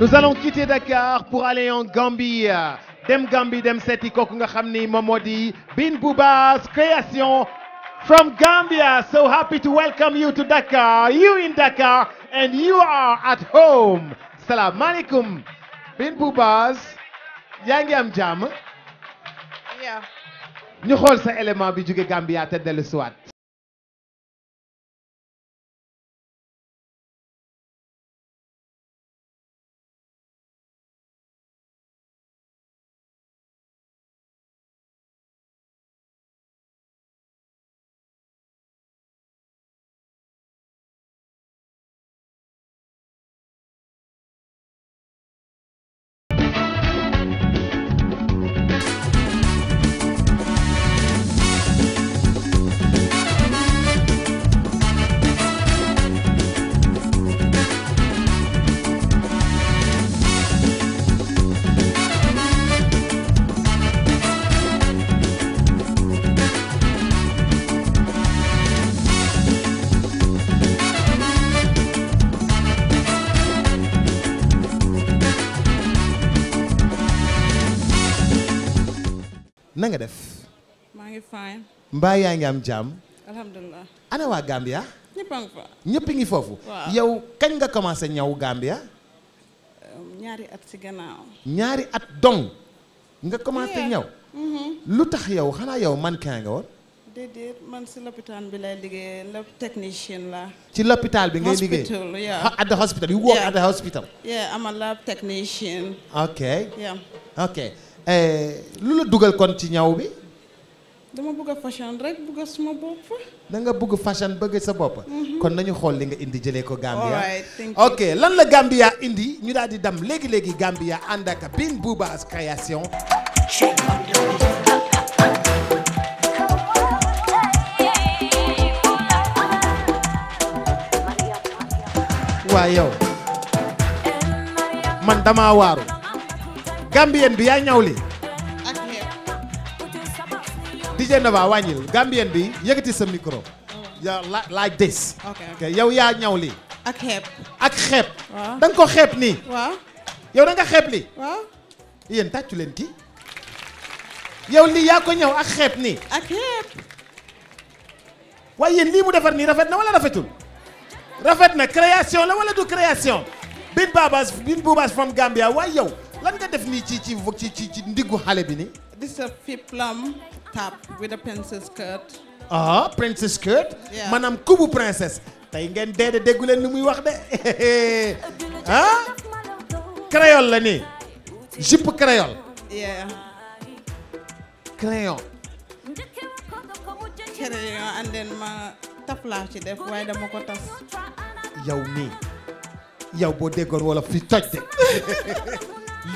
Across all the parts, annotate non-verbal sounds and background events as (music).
nous allons quitter Dakar pour aller en Gambie dem Gambie dem seti kooku nga xam ni moom moo di Bin Buba's Creation from Gambia so happy to welcome you to Dakar you in Dakar and you are at home salaamaaleykum Bin Buba's yaa ngi am jàmm. ñu xool sa élément bi jóge Gambia te dellu si na nga def. maa ngi fine. mbaa yaa ngi am jàmm. alhamdulilah. ana waa Gambia. ñëpp a ngi fa. ñëpp ngi foofu. yow kañ nga commencé ñaw Gambia. Um, ñaari at si gannaaw. ñaari at dong. nga commencé ñaw. Mm-hmm. lu tax yow xanaa yow kaa nga woon. déedéet man si lopitaan bi lay liggéey la technicien la. ci lopitaan bi ngay liggéey hospital yeah. hospital you work yeah. at hospital. yeah I'm a technician. okay. Eh, lu la dugal kon ci ñaw bi. dama bëgg a fashion rek bëgg suma bopp. da bëgg fashion bëgg sa bopp. Mhm. kon nañu xool li nga indi jëlee ko. Gambia ok lan la Gambia indi ñu daal di dem léegi léegi Gambia ànd ak Bin Bouba's création. waa yow man dama waaru. Gambien bi yaa ñaw ak ñëw. DJ bi yëkkati sa micro. Mm. la laaj des. ok yow yaa ñawli. ak xeeb. ak xeeb. waaw ko xeeb nii. yow da nga xeeb li waaw yéen tàccu leen kii. yow lii yaa ko ñëw ak xeeb nii. ak xeeb. lii mu defar nii rafet na wala rafetul. rafet na création la wala du création. Bin Babas Bin Boubas from Gambia waaye yow. lan nga def nii ci ci ci ci ndiggu xale bi nii. this is a fiplam tap with a princess skirt. ah maanaam kubu princesse. tey ngeen dee déggu leen lu muy wax de (laughs) ah? créole la nii. jupe créole. yeah. crayon. crayon ci def waaye dama ko yow nii yow boo déggoon wala fi toj de. (laughs)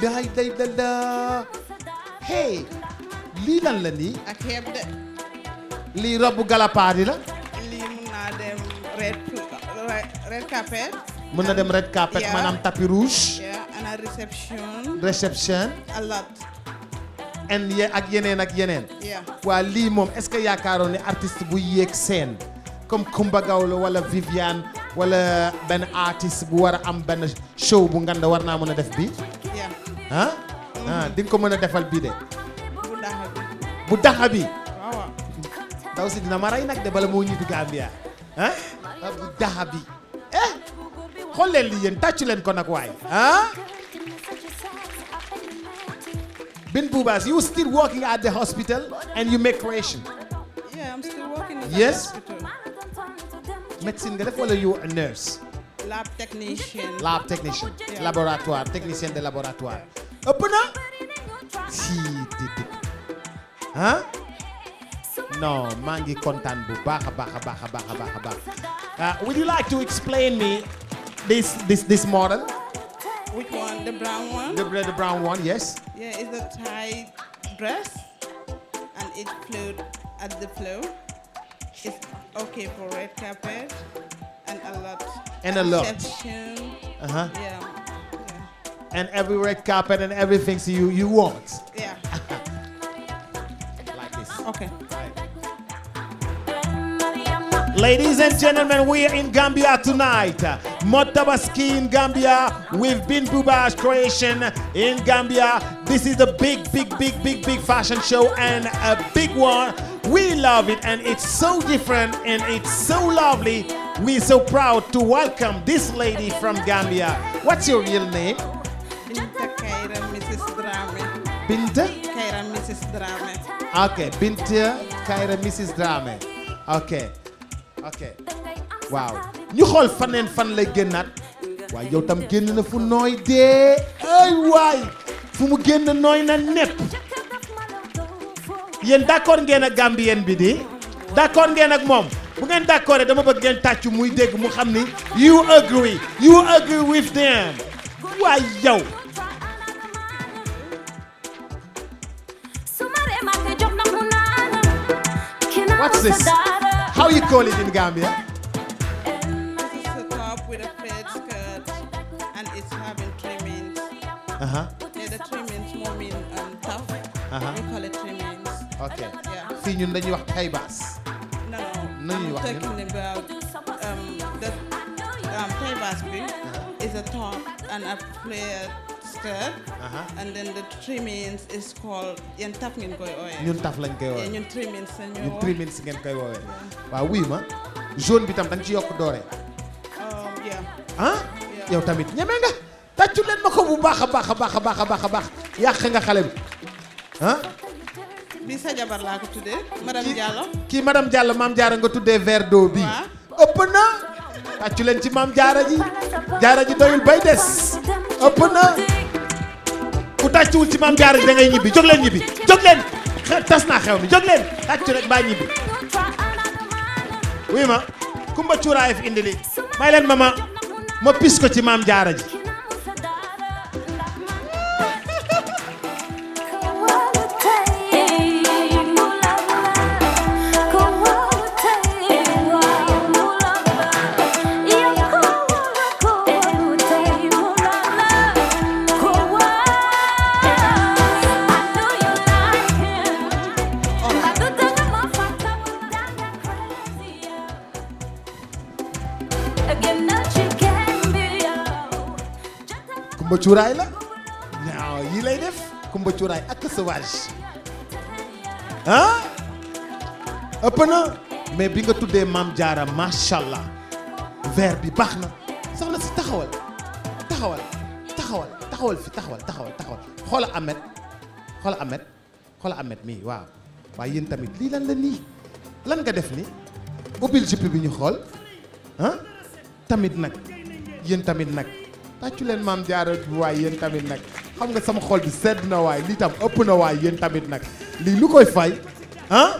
laay day la lii lan la lii robu galapaadi la. lii mun naa red red carpet. mun na dem red carpet maanaam tapis rouge. yeneen ak yeneen. waa lii moom est-ce que yaakaaroon ne artiste bu yéeg seen comme Kumba Gawlo wala Viviane wala benn artiste bu war a am benn show bu nganda war naa mën a def bi ah di nga ko mën a defal bii de. bu daxa bi bu daxa bi. waaw ndaw si dina ma rey nag de bala moo ñibbi Gambia ah, bi eh xool leen li yéen tàccu leen ko nag waay ah. Bin Boubas, you still working at the hospital and you make creation. yes? the hospital. Médecine you a nurse? Lab technician. Lab technician. Yeah. Laboratoire, technicien de laboratoire. ëpp na si déedéet ah non maa ngi kontaan bu baax a baax a baax a baax a baax a baax ah, would you like to explain me this this this model. Which one? The brown one? The, the brown one, yes. Yeah, it's a Thai dress and it flowed at the floor. It's okay for red carpet and a lot. And a lot. Reception. Uh-huh. Yeah. and every red Ladies and gentlemen, we are in Gambia tonight. Motabaski in Gambia. We've been Bubash Creation in Gambia. This is a big, big, big, fashion show and a big one. We love it and it's so different and it's so lovely. We're so proud to welcome this lady from Gambia. What's your real name? Binta. Kayra Mrs Dramé. ok Binta Kayra Mrs waaw ñu xool faneen fan lay génnaat waaye yow tam génn na fu nooy dee ay waay fu mu génn nooy na nepp yéen d'accord ngeen ak Gambien bi di d'accord ngeen ak moom bu ngeen d'accord dama bëgg ngeen tàccu muy dégg mu xam ni you agree you agree with them waay yow What's this? How you call it in Gambia? This is a top with a flared skirt and it's having trimmings. Uh-huh. Yeah, the trimmings more mean um, tough. Uh-huh. We call it trimmings. Okay. Yeah. Fii ñun dañuy wax high bass. No, no. I'm talking about um, the um, high bass bi uh-huh. is a top and a flared roasted. Uh-huh. and then the three minutes is called yéen taf ngeen koy ooyee. ñun taf lañ koy ooyee ñun three minutes la ñun three ngeen koy woowee. waaw wuy ma jaune bi tam dañ ci yokk doore. Uh, ah yow tamit ñeme nga tàccu leen ma ko bu baax a baax a baax a baax a baax a baax yàq nga xale bi ah. bi sa jabar laa tuddee. madame Diallo kii madame Diallo maam jaara nga tuddee verre d'eau bi ëpp na tàccu leen ci maam Diarra ji Diarra ji doyul bay des ëpp na. ku tàccuwul ci maam jaara da ngay ñibbi jóg leen ñibbi jóg leen tas naa xew mi jóg leen tàccu rek baa ñibbi wuy ma kumba cuuraay fi indi li may leen ma ma ma pis ko ci maam jaara ji cuuraay la waaw yii lay def kumba cuuraay ak sauvage ah ëpp na mais bi nga tuddee maam jaara macha allah ver bi baax na soxna si taxawal taxawal taxawal taxawal fi taxawal taxawal taxawal xoola Ahmed xoola Ahmed xoola Ahmed mii waaw waaye yéen tamit lii lan la nii lan nga def ni ubbil jupp bi ñu xool ah, tamit nag yéen tamit nag tàccu leen maam jaara bi waay yéen tamit nag xam nga sama xool bi sedd na waay lii tam ëpp na waay yéen tamit nag lii lu koy fay ah?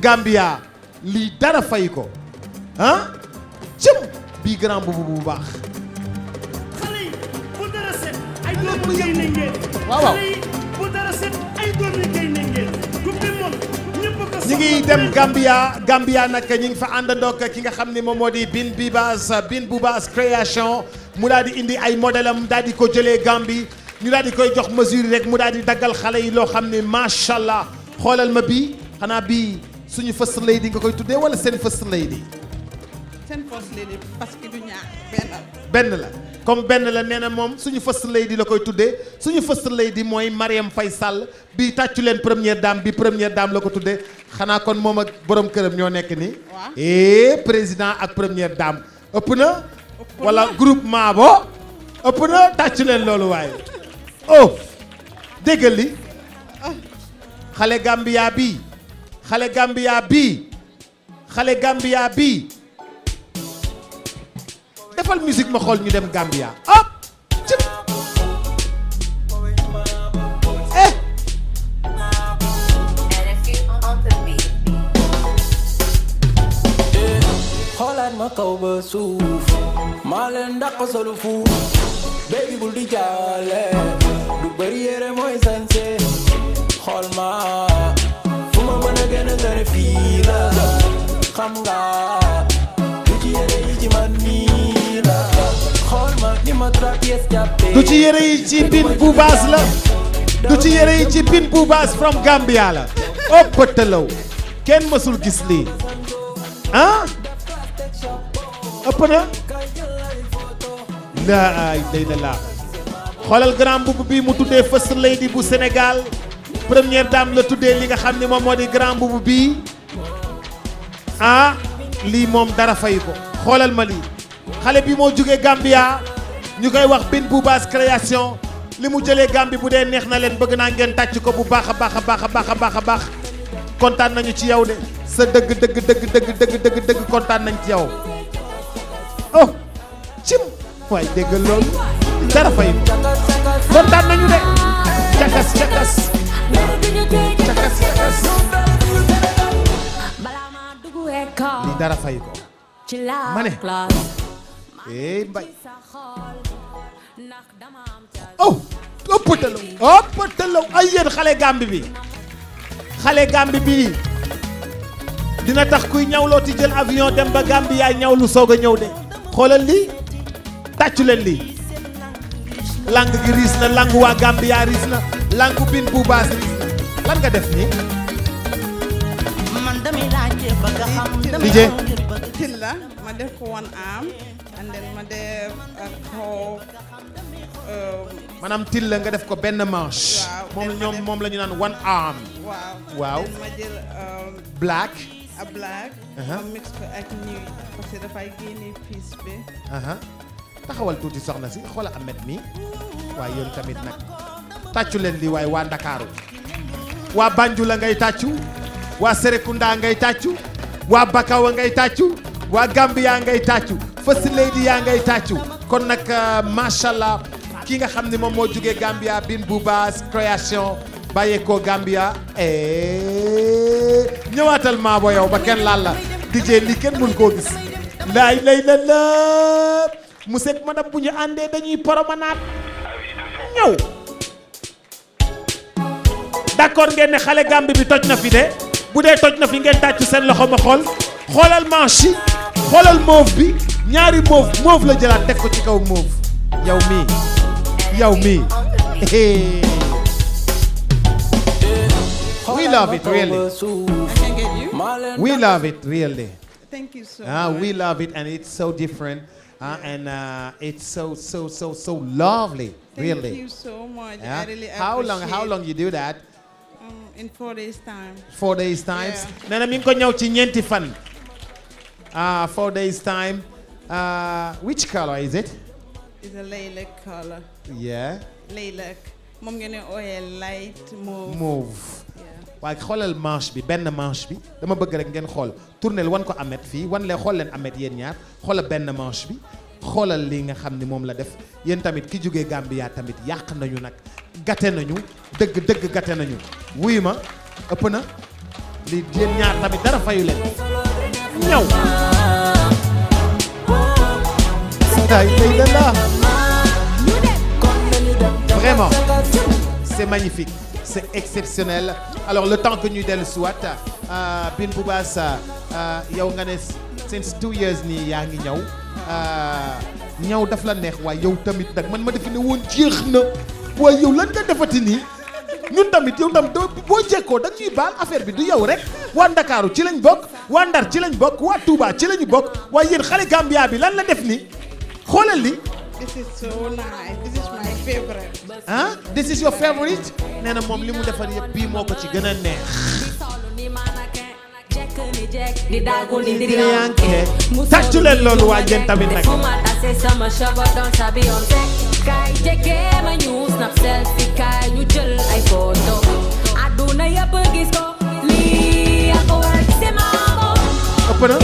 Gambia lii dara fay ko ah? cëm bii grand boobu bu baax xale yi bu dara set ay doomu géy na ngeen bu dara set gubbi moom ñëpp ko dem Gambia Gambia nag ñu ngi fa àndandoo ki nga xam ne moom moo di Bin Bubas Bin Bubas création mu daal di indi ay modèle am daal di ko jëlee Gambie ñu daal di koy jox mesure rek mu daal di daggal xale yi loo xam ne macha allah xoolal ma bii xanaa bii suñu lay lady nga koy tuddee wala seen first lady. seen first parce que du benn la. comme benn la nee na moom suñu lay di la koy tuddee suñu first di mooy Mariam fay Sall bii tàccu leen première dame bi première dame la ko tuddee xanaa kon moom ak borom këram ñoo nekk nii. Eh, président ak première dame ëpp na. wala groupement bo ëpp na tàcc leen loolu waaye oh déggal li xale Gambia bii xale Gambia bii xale Gambia bii defal musique ma xool ñu dem Gambia sama kaw ba suuf maa leen ndaq solu fuuf bul di jaale du bëri mooy sañse xool fu ma mën a gën a ngare fii nga du ci yére yi ci man nii la xool ma ni ma du ci yére yi ci bin bu baas la du ci yére yi ci bin bu baas from Gambia la ëppatalaw kenn mësul gis lii ah? ëpp na laa day na laa xoolal grand mbubb bii mu tuddee first lady bu Sénégal première dame la tuddee li nga xam ne moom moo di grand mbubb bii ah lii moom dara fay ko xoolal ma lii xale bi moo jógee Gambia ñu koy wax Bin Boubass création li mu jëlee Gambie bu dee neex na leen bëgg naa ngeen tàcc ko bu baax a baax a baax a baax a baax a baax kontaan nañu ci yow de sa dëgg dëgg dëgg dëgg dëgg dëgg kontaan nañ ci yow oh cim waay dégg loolu dara fay ko kontaan dara fay ko ma ne eh, mbay oh ëpp tëlaw ëpp tëlaw ay yéen xale gambi bi xale gambi bi dina tax kuy ñawloo ti jël avion dem ba gambi yaay ñawlu soog a ñëw de xoolal lii tàccu leen lii lang gi riis na langu waa Gambia riis na langu bin bu baas riis lan nga def nii DJ tilla ma def ko one arm and then ma um, nga def ko benn manche moom lañu naan one arm waaw a black. Uh-huh. ma uh-huh. taxawal tuuti soxna si xoola Ameth mi waaye yéen tamit nag tàccu leen li waaye waa Ndakaaru waa Banjul la ngay tàccu waa Serekunda ngay tàccu waa Bakawa ngay tàccu waa Gambia ngay tàccu First Lady yaa ngay tàccu kon nag uh, macha allah ki nga xam ne moom moo jógee Gambia Bin baas création. bàyyeekoo Gambia eh, ñëwaatal maa boo yow ba kenn laal la DJ lii kenn mën koo gis laay lay la la mu seeg madame bu ñu àndee dañuy promenade ñëw d'accord ngeen ne xale Gambie bi toj na fi de bu dee toj na fi ngeen tàccu seen loxo ma xool xoolal manche yi xoolal mauve bi ñaari mauve mauve la jëlaat teg ko ci kaw mauve yow mii yow mii (laughs) love it really. We love it really. Thank you so uh, much. We love it, and it's so different. Uh, and uh, it's so so so so lovely, Thank really. Thank you so much. Yeah? I really how long how long you do that? Um, in four days time. Four days time. nee na mi ngi ko ñëw ci ñeenti fan. Ah, four days time. Uh, which color is it? It's a lilac color. Yeah. Lilac. moom ngeen di ooyee light mauve. mauve. waaye xoolal manche bi benn manche bi dama bëgg rek ngeen xool tournel wan ko amet fii wan leen xool leen Ameth yéen ñaar xoolal benn manche bi xoolal li nga xam ni moom la def yéen tamit ki jógee Gambia tamit yàq nañu nag gate nañu dëgg dëgg gate nañu wuyu ma ëpp na li yéen ñaar tamit dara fayu leen ñëw c'est exceptionnel alors le temps que ñuy dellu a bu baas Boubass yow nga ne since two years nii yaa ngi ñëw euh, ñëw daf la neex waaye yow tamit nag man ma defe woon jeex na waaye yow lan nga defati ñun tamit yow tamit boo jekkoo da ñuy baal affaire bi du yow rek waa Ndakaaru ci lañ bokk waa Ndar ci lañ bokk waa Touba ci lañu bokk waaye yéen xale Gambia bi lan la def nii xoolal favorite. ah this is your favorite moom li mu defar yëpp bii moo ko ci gën a neex. tàccu leen loolu waa jën tamit nag. kaay jege ma ñu snap selfie kaay ñu jël ay photo àdduna yëpp gis ko lii ak war ci maamo ëpp na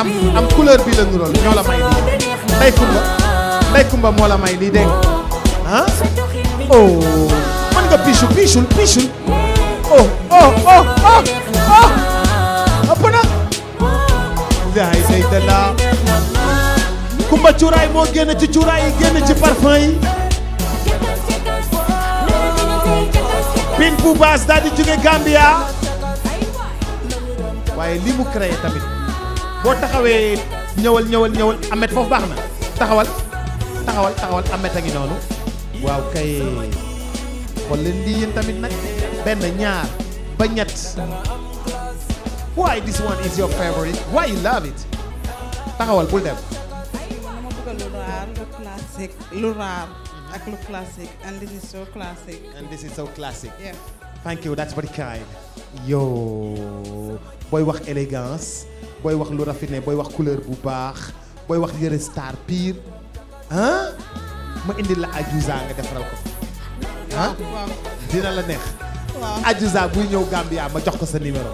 am am couleur bi la ñu rool la may lii ndey moo la may lii dégg ah oh mën nga pichu pichul pichul oh oh oh oh oh ëpp na daay day dala kumba cuuraay moo génn ci cuuraay yi génn ci parfum yi bin bu baas daal di jóge Gambia waaye li mu créé tamit boo taxawee ñëwal ñëwal ñëwal Ameth foofu baax na taxawal taxawal taxawal Ameth a ngi noonu waaw kay xool leen lii yéen tamit nag benn ñaar ba ñett why this one is your favorite why you love it taxawal bul dem. lu raar ak lu classic and this is so classic. and this is so classic. yeah. thank you that's very kind. yow booy wax élégance booy wax lu raffiné booy wax couleur bu baax booy wax yëre star pire ah. ma indil la ajuza nga defaral ko ah dina la neex ajuza buy ñëw Gambia ma jox ko sa numéro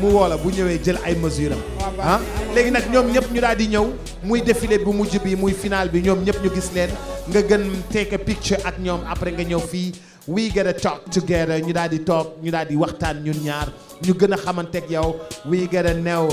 mu woo la bu ñëwee jël ay mesure am ah? léegi nag ñoom ñëpp ñu daal di ñëw muy défilé bu mujj bi muy final bi ñoom ñëpp ñu gis leen nga gën take a picture ak ñoom après nga ñëw fii we get a talk together ñu daal di toog ñu daal di waxtaan ñun ñaar ñu gën a xamante yow we get a know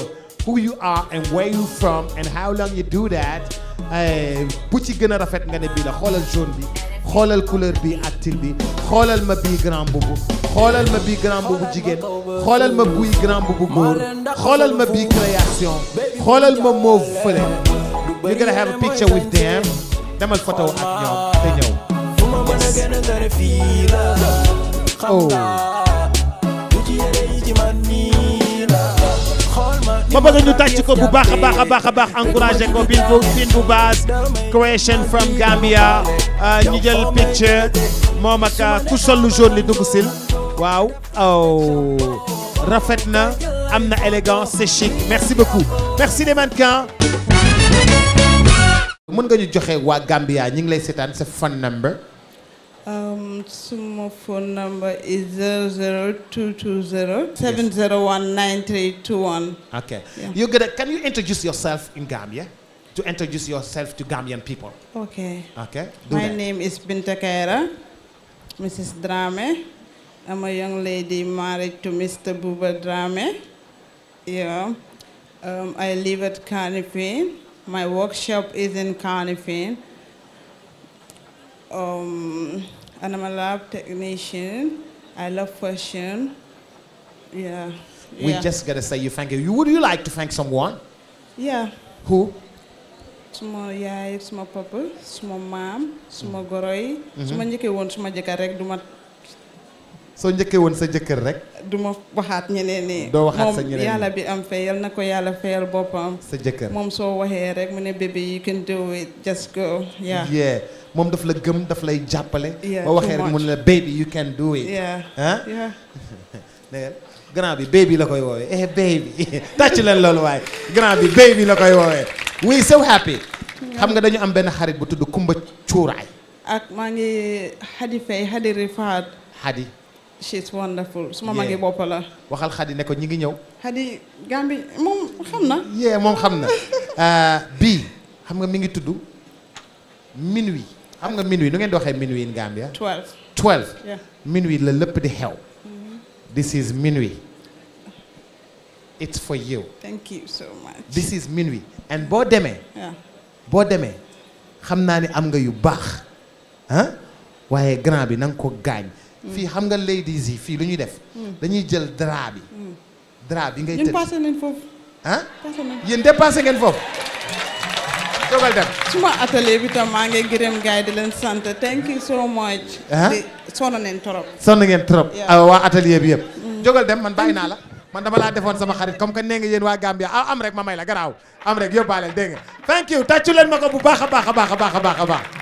who you are and where you from and how long you do that Eh, bu ci gën a rafet nga ne bii la xoolal jaune bi xoolal couleur bi ak til bi xoolal ma bii grand boobu xoolal ma bi grand boobu jigéen xoolal ma buy grand boobu góor xoolal ma bii création xoolal ma mauve fële picture with them demal photo ak ñoom te ñëw. ma bëgg ñu tàcc ko bu baax a baax a baax a baax encouragé ko bin bu bin bu base creation from Gambia euh, ñu jël picture moom ak euh, ku sol lu jaune li waaw oh rafet na am na élégance c'est chic merci beaucoup merci les mannequins. mën nga ñu joxe waa Gambia ñi ngi lay seetaan sa phone number. Um, sumo phone number is 00220 7019321. Okay. Yeah. You get a, can you introduce yourself in Gambia? To introduce yourself to Gambian people. Okay. My name is Binta Kaira, Mrs. Drame. I'm a young lady married to Mr. Buba Drame. Um, I live at Carnifin. My workshop is in Carnifin. um, and I'm a lab technician. I love fashion. Yeah. We yeah. just gotta say you thank you. Would you like to thank someone? Yeah. Who? suma yaay maam suma mm-hmm. goro yi. su ma mm-hmm. njëkkee woon suma jëkkër rek du ma soo njëkkee woon sa jëkkër rek du ma waxaat ñeneen ni doo waxaat sa ñeneen moom yàlla bi am fayal na ko yàlla fayal boppam sa jëkkër moom soo waxee rek mu ne bébé yi can do it just go yeah moom daf la gëm daf lay jàppale boo waxee rek mu ne la baby you can do it ah (laughs) grand bi baby la koy woowee eh, baby (laughs) tàcc leen loolu waaye grand bi baby la koy woowee we so happy xam nga dañu am benn xarit bu tudd Kumba Cuuraay ak maa ngi Xadi Fay Xadi Rifaat Xadi she's wonderful suma magi bopp la waxal Xadi ne ko ñi ngi ñëw Xadi Gambi moom xam na yee xam euh, bii xam nga mi ngi tudd minuit xam nga minuit nu ngeen di waxee minuit in Gambia twelve twelve minuit la lépp di xew mm-hmm. this is minuit it's for you thank you so this is minuit and boo demee boo demee xam naa ni am nga yu baax waaye grand bi na nga ko gaañ fii xam nga ladies yi fii lu ñuy def. Hmm. dañuy jël drap bi. Hmm. drap bi ngay tëdd ñun passé nañ foofu. ah yéen dépassé ngeen foofu. dogal dem suma atelier bi tam maa ngi gërëm gars yi di leen sant thank you so much. di sonn nañ trop. sonn ngeen trop ah, waa atelier bi yëpp. Hmm. jógal dem man bàyyi naa la (laughs) man dama laa defoon sama xarit comme que nee nga yéen waa Gambia ah am rek ma may la garaaw am rek yóbbaale dégg nga thank you tàccu leen ma ko bu baax a baax a baax a baax a baax.